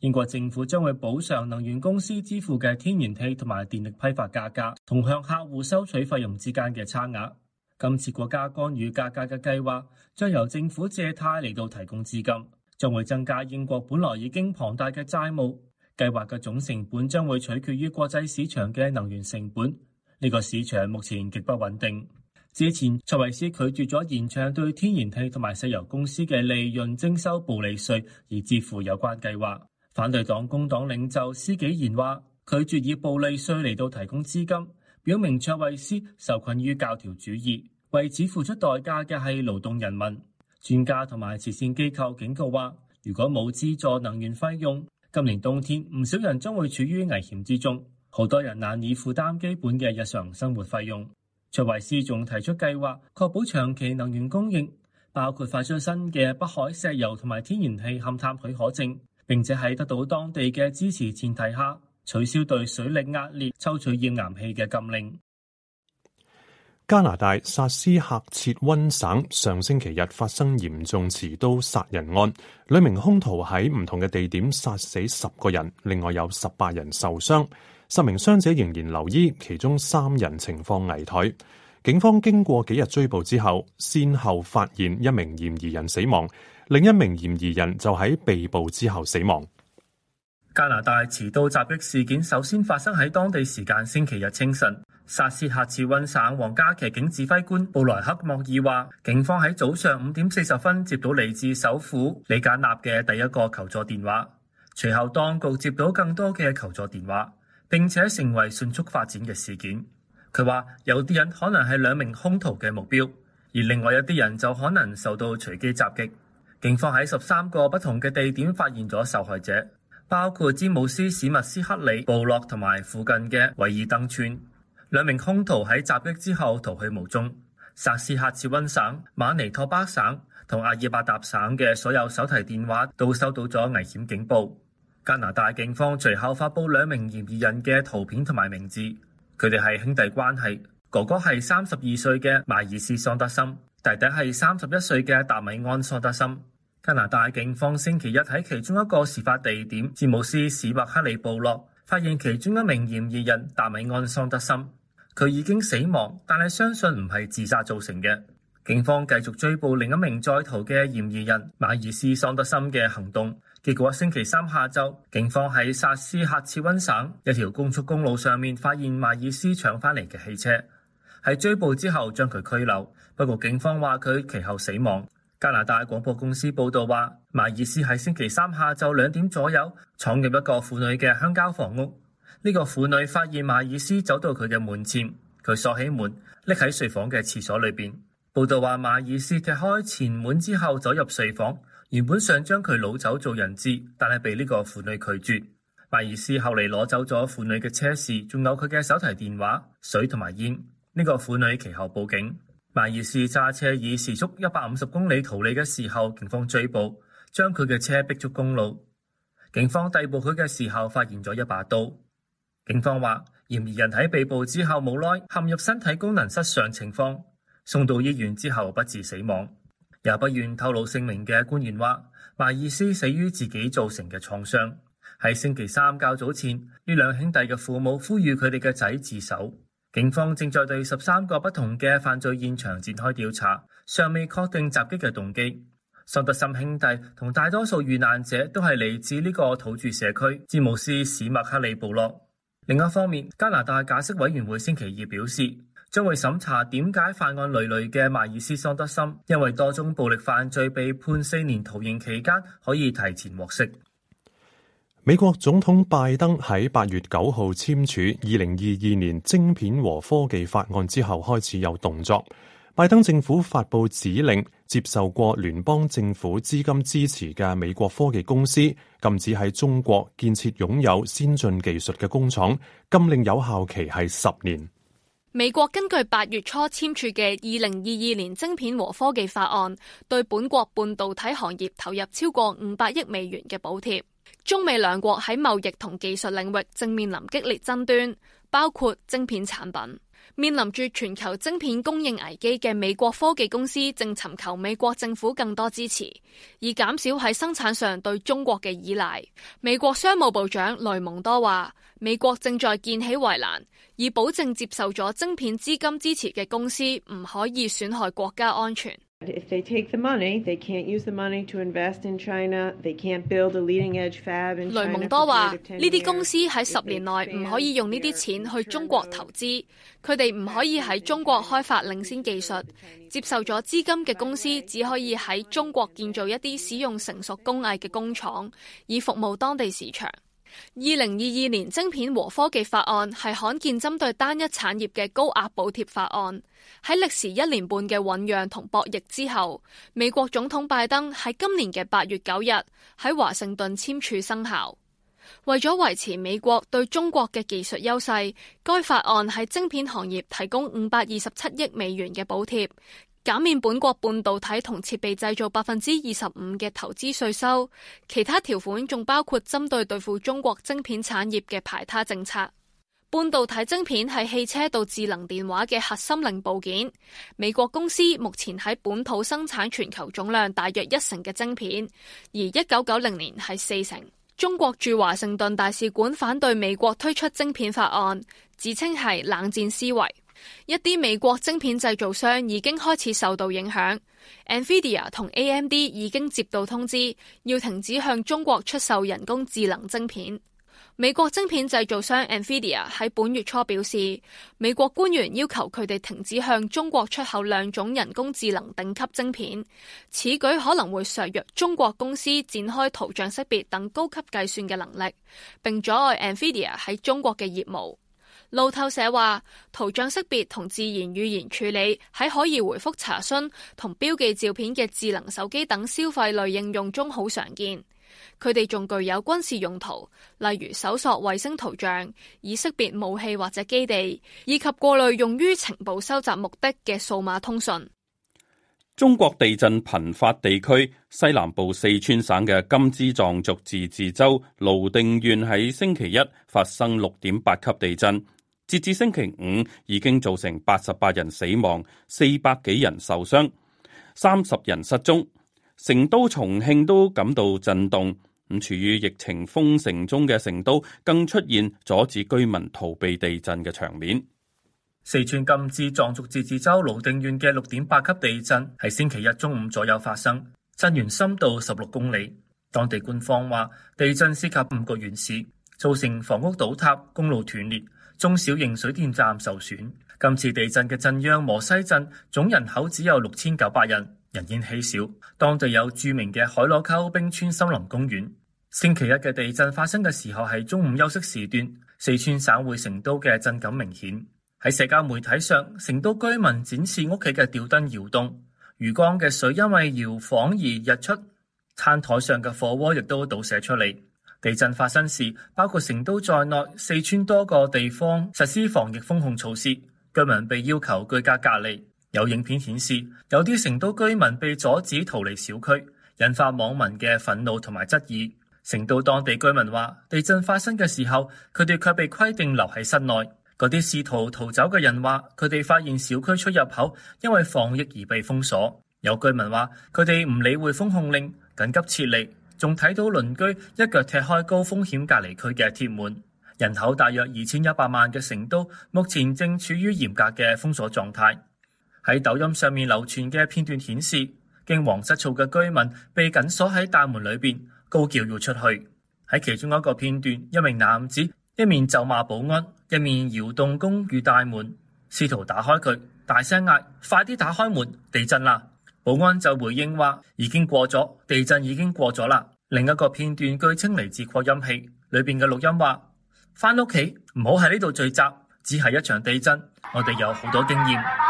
英國政府將會補償能源公司支付嘅天然氣同埋電力批發價格，同向客戶收取費用之間嘅差額。今次國家干預價格嘅計劃將由政府借貸嚟到提供資金，將會增加英國本來已經龐大嘅債務。計劃嘅總成本將會取決於國際市場嘅能源成本，呢個市場目前極不穩定。之前卓慧思拒絕咗延長對天然氣同埋石油公司嘅利潤徵收暴利稅而支付有關計劃。反對黨工黨領袖施紀賢話：拒絕以暴利稅嚟到提供資金，表明卓慧思受困於教條主義。為此付出代價嘅係勞動人民。專家同埋慈善機構警告話，如果冇資助能源費用，今年冬天唔少人將會處於危險之中，好多人難以負擔基本嘅日常生活費用。卓慧思仲提出計劃，確保長期能源供應，包括發出新嘅北海石油同埋天然氣勘探許可證，並且喺得到當地嘅支持前提下，取消對水力壓裂抽取頁岩氣嘅禁令。加拿大薩斯喀徹溫省上星期日發生嚴重持刀殺人案，兩名兇徒喺唔同嘅地點殺死十個人，另外有十八人受傷，十名傷者仍然留醫，其中三人情況危殆。警方經過幾日追捕之後，先後發現一名嫌疑人死亡，另一名嫌疑人就喺被捕之後死亡。加拿大持刀襲擊事件首先發生喺當地時間星期日清晨。薩斯克茨溫省皇家騎警指揮官布萊克莫爾話：警方喺早上五點四十分接到嚟自首府里賈納嘅第一個求助電話，隨後當局接到更多嘅求助電話，並且成為迅速發展嘅事件。佢話有啲人可能係兩名凶徒嘅目標，而另外一啲人就可能受到隨機襲擊。警方喺十三個不同嘅地點發現咗受害者，包括詹姆斯史密斯克里部落同埋附近嘅韋爾登村。兩名凶徒喺襲擊之後逃去無蹤。薩斯克茨溫省、馬尼托巴省同阿爾伯塔省嘅所有手提電話都收到咗危險警報。加拿大警方隨後發佈兩名嫌疑人嘅圖片同埋名字，佢哋係兄弟關係，哥哥係三十二歲嘅邁爾斯桑德森，弟弟係三十一歲嘅達米安桑德森。加拿大警方星期一喺其中一個事發地點詹姆斯史伯克里部落，發現其中一名嫌疑人達米安桑德森。佢已經死亡，但係相信唔係自殺造成嘅。警方繼續追捕另一名在逃嘅嫌疑人馬爾斯桑德森嘅行動，結果星期三下晝，警方喺薩斯喀徹溫省一條高速公路上面發現馬爾斯搶翻嚟嘅汽車，喺追捕之後將佢拘留。不過警方話佢其後死亡。加拿大廣播公司報道話，馬爾斯喺星期三下晝兩點左右闖入一個婦女嘅鄉郊房屋。呢個婦女發現馬爾斯走到佢嘅門前，佢鎖起門，匿喺睡房嘅廁所裏邊。報道話，馬爾斯踢開前門之後走入睡房，原本想將佢擄走做人質，但係被呢個婦女拒絕。馬爾斯後嚟攞走咗婦女嘅車匙，仲有佢嘅手提電話、水同埋煙。呢個婦女其後報警。馬爾斯揸車以時速一百五十公里逃離嘅時候，警方追捕，將佢嘅車逼出公路。警方逮捕佢嘅時候，發現咗一把刀。警方話，嫌疑人喺被捕之後冇耐，陷入身體功能失常情況，送到醫院之後不治死亡。又不願透露姓名嘅官員話，邁爾斯死於自己造成嘅創傷。喺星期三較早前，呢兩兄弟嘅父母呼籲佢哋嘅仔自首。警方正在對十三個不同嘅犯罪現場展開調查，尚未確定襲擊嘅動機。桑德森兄弟同大多數遇難者都係嚟自呢個土著社區詹姆斯史麥克里部落。另一方面，加拿大假釋委員會星期二表示，將會審查點解犯案累累嘅邁爾斯桑德森，因為多宗暴力犯罪被判四年徒刑期間，可以提前獲釋。美國總統拜登喺八月九號簽署二零二二年晶片和科技法案之後，開始有動作。拜登政府發佈指令，接受過聯邦政府資金支持嘅美國科技公司禁止喺中國建設擁有先進技術嘅工廠。禁令有效期係十年。美國根據八月初簽署嘅二零二二年晶片和科技法案，對本國半導體行業投入超過五百億美元嘅補貼。中美兩國喺貿易同技術領域正面臨激烈爭端，包括晶片產品。面臨住全球晶片供應危機嘅美國科技公司正尋求美國政府更多支持，以減少喺生產上對中國嘅依賴。美國商務部長雷蒙多話，美國正在建起圍欄，以保證接受咗晶片資金支持嘅公司唔可以損害國家安全。雷蒙多話：呢啲公司喺十年內唔可以用呢啲錢去中國投資，佢哋唔可以喺中國開發領先技術。接受咗資金嘅公司只可以喺中國建造一啲使用成熟工藝嘅工廠，以服務當地市場。二零二二年晶片和科技法案係罕見針對單一產業嘅高額補貼法案。喺歷時一年半嘅醞釀同博弈之後，美國總統拜登喺今年嘅八月九日喺華盛頓簽署生效。為咗維持美國對中國嘅技術優勢，該法案喺晶片行業提供五百二十七億美元嘅補貼，減免本國半導體同設備製造百分之二十五嘅投資稅收。其他條款仲包括針對對付中國晶片產業嘅排他政策。半導體晶片係汽車到智能電話嘅核心零部件。美國公司目前喺本土生產全球總量大約一成嘅晶片，而一九九零年係四成。中國駐華盛頓大使館反對美國推出晶片法案，自稱係冷戰思維。一啲美國晶片製造商已經開始受到影響，NVIDIA 同 AMD 已經接到通知，要停止向中國出售人工智能晶片。美國晶片製造商 Nvidia 喺本月初表示，美國官員要求佢哋停止向中國出口兩種人工智能頂級晶片。此舉可能會削弱中國公司展開圖像識別等高級計算嘅能力，並阻礙 Nvidia 喺中國嘅業務。路透社話，圖像識別同自然語言處理喺可以回覆查詢同標記照片嘅智能手機等消費類應用中好常見。佢哋仲具有軍事用途，例如搜索衛星圖像以識別武器或者基地，以及過濾用於情報收集目的嘅數碼通訊。中國地震頻發地區西南部四川省嘅甘孜藏族自治州瀘定縣喺星期一發生六點八級地震，截至星期五已經造成八十八人死亡、四百幾人受傷、三十人失蹤。成都、重慶都感到震動，咁處於疫情封城中嘅成都，更出現阻止居民逃避地震嘅場面。四川甘孜藏族自治州瀘定縣嘅六點八級地震，係星期一中午左右發生，震源深度十六公里。當地官方話，地震涉及五個縣市，造成房屋倒塌、公路斷裂、中小型水電站受損。今次地震嘅震央磨西鎮總人口只有六千九百人。人煙稀少，當地有著名嘅海螺溝冰川森林公園。星期一嘅地震發生嘅時候係中午休息時段，四川省會成都嘅震感明顯。喺社交媒體上，成都居民展示屋企嘅吊燈搖動，魚缸嘅水因為搖晃而溢出，餐台上嘅火鍋亦都倒瀉出嚟。地震發生時，包括成都在內，四川多個地方實施防疫封控措施，居民被要求居家隔離。有影片顯示，有啲成都居民被阻止逃離小區，引發網民嘅憤怒同埋質疑。成都當地居民話，地震發生嘅時候，佢哋卻被規定留喺室內。嗰啲試圖逃走嘅人話，佢哋發現小區出入口因為防疫而被封鎖。有居民話，佢哋唔理會封控令，緊急撤離，仲睇到鄰居一腳踢開高風險隔離區嘅鐵門。人口大約二千一百萬嘅成都目前正處於嚴格嘅封鎖狀態。喺抖音上面流傳嘅片段顯示，驚惶失措嘅居民被緊鎖喺大門裏邊，高叫要出去。喺其中一個片段，一名男子一面咒罵保安，一面搖動公寓大門，試圖打開佢，大聲嗌：快啲打開門！地震啦！保安就回應話：已經過咗，地震已經過咗啦。另一個片段據稱嚟自擴音器裏邊嘅錄音話：翻屋企唔好喺呢度聚集，只係一場地震，我哋有好多經驗。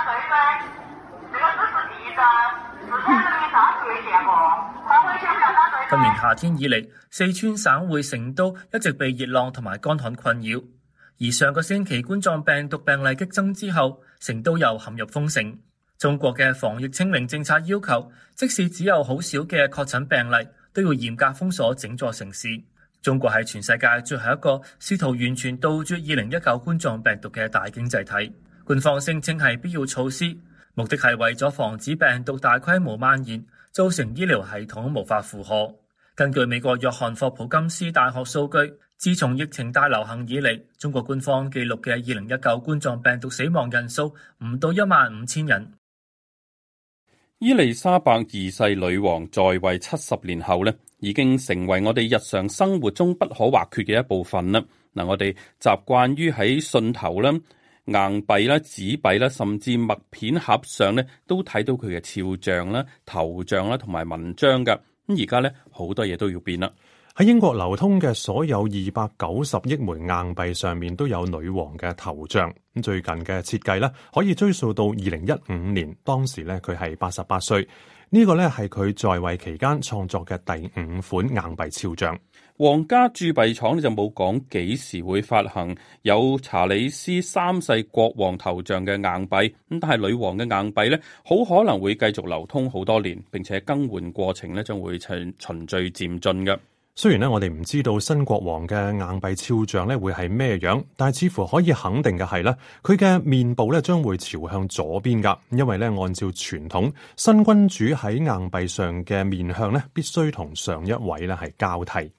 今年夏天以嚟，四川省會成都一直被熱浪同埋乾旱困擾。而上個星期冠狀病毒病例激增之後，成都又陷入封城。中國嘅防疫清零政策要求，即使只有好少嘅確診病例，都要嚴格封鎖整座城市。中國係全世界最後一個試圖完全杜絕二零一九冠狀病毒嘅大經濟體。官方聲稱係必要措施，目的係為咗防止病毒大規模蔓延，造成醫療系統無法負荷。根據美國約翰霍普金斯大學數據，自從疫情大流行以嚟，中國官方記錄嘅二零一九冠狀病毒死亡人數唔到一萬五千人。伊麗莎白二世女王在位七十年後呢，已經成為我哋日常生活中不可或缺嘅一部分啦。嗱，我哋習慣於喺信頭咧，硬幣啦、紙幣啦，甚至麥片盒上咧，都睇到佢嘅肖像啦、頭像啦，同埋文章噶。咁而家咧，好多嘢都要變啦。喺英國流通嘅所有二百九十億枚硬幣上面，都有女王嘅頭像。咁最近嘅設計咧，可以追溯到二零一五年，當時咧佢係八十八歲。呢個咧係佢在位期間創作嘅第五款硬幣肖像。皇家鑄幣廠就冇講幾時會發行有查理斯三世國王頭像嘅硬幣咁，但係女王嘅硬幣咧，好可能會繼續流通好多年，並且更換過程咧將會循序漸進嘅。雖然咧我哋唔知道新國王嘅硬幣肖像咧會係咩樣，但係似乎可以肯定嘅係咧，佢嘅面部咧將會朝向左邊噶，因為咧按照傳統，新君主喺硬幣上嘅面向咧必須同上一位咧係交替。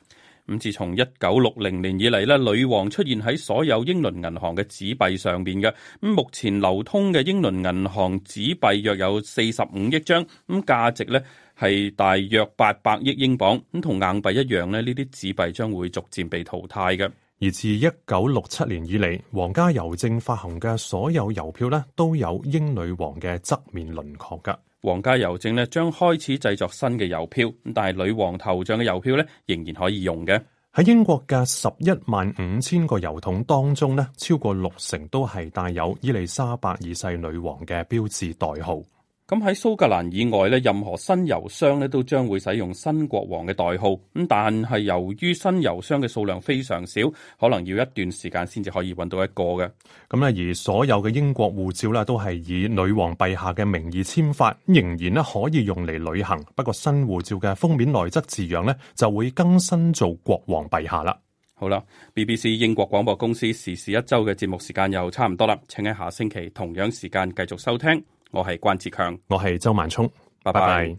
咁自從一九六零年以嚟咧，女王出現喺所有英倫銀行嘅紙幣上邊嘅。咁目前流通嘅英倫銀行紙幣約有四十五億張，咁價值咧係大約八百億英鎊。咁同硬幣一樣咧，呢啲紙幣將會逐漸被淘汰嘅。而自一九六七年以嚟，皇家郵政發行嘅所有郵票咧，都有英女王嘅側面輪廓㗎。皇家郵政咧將開始製作新嘅郵票，但係女王頭像嘅郵票咧仍然可以用嘅。喺英國嘅十一萬五千個郵筒當中咧，超過六成都係帶有伊麗莎白二世女王嘅標誌代號。咁喺蘇格蘭以外咧，任何新郵箱咧都將會使用新國王嘅代號。咁但係由於新郵箱嘅數量非常少，可能要一段時間先至可以揾到一個嘅。咁咧，而所有嘅英國護照咧都係以女王陛下嘅名義簽發，仍然咧可以用嚟旅行。不過新護照嘅封面內側字樣咧就會更新做國王陛下啦。好啦，BBC 英國廣播公司時事一周嘅節目時間又差唔多啦，請喺下星期同樣時間繼續收聽。我係關志強，我係周萬聰，拜拜。